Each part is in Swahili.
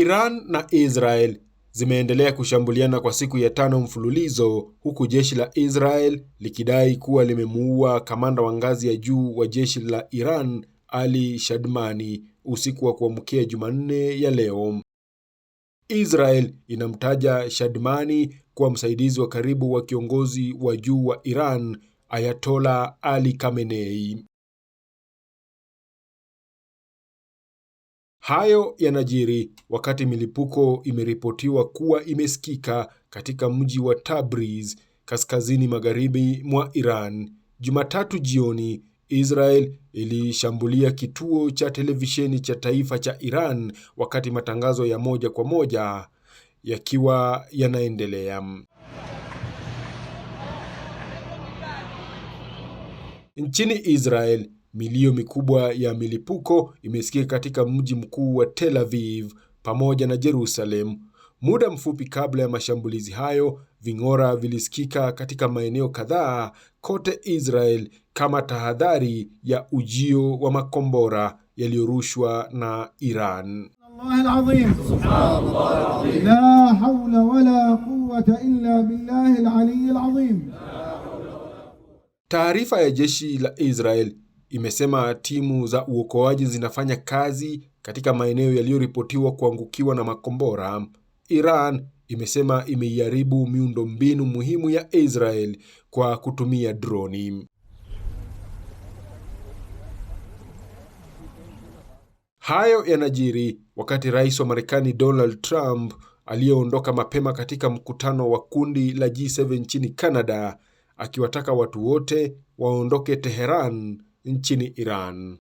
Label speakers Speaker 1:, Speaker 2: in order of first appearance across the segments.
Speaker 1: Iran na Israel zimeendelea kushambuliana kwa siku ya tano mfululizo huku jeshi la Israel likidai kuwa limemuua kamanda wa ngazi ya juu wa jeshi la Iran Ali Shadmani usiku wa kuamkia Jumanne ya leo. Israel inamtaja Shadmani kuwa msaidizi wa karibu wa kiongozi wa juu wa Iran Ayatollah Ali Khamenei. Hayo yanajiri wakati milipuko imeripotiwa kuwa imesikika katika mji wa Tabriz kaskazini magharibi mwa Iran. Jumatatu jioni, Israel ilishambulia kituo cha televisheni cha taifa cha Iran wakati matangazo ya moja kwa moja yakiwa yanaendelea. Nchini Israel, Milio mikubwa ya milipuko imesikika katika mji mkuu wa Tel Aviv pamoja na Jerusalem. Muda mfupi kabla ya mashambulizi hayo, ving'ora vilisikika katika maeneo kadhaa kote Israel kama tahadhari ya ujio wa makombora yaliyorushwa na Iran. Taarifa ya jeshi la Israel imesema timu za uokoaji zinafanya kazi katika maeneo yaliyoripotiwa kuangukiwa na makombora. Iran imesema imeiharibu miundombinu muhimu ya Israel kwa kutumia droni. Hayo yanajiri wakati rais wa Marekani Donald Trump aliyeondoka mapema katika mkutano wa kundi la G7 nchini Canada akiwataka watu wote waondoke Teheran nchini Iran.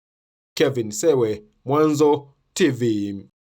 Speaker 1: Kevin Sewe, Mwanzo TV.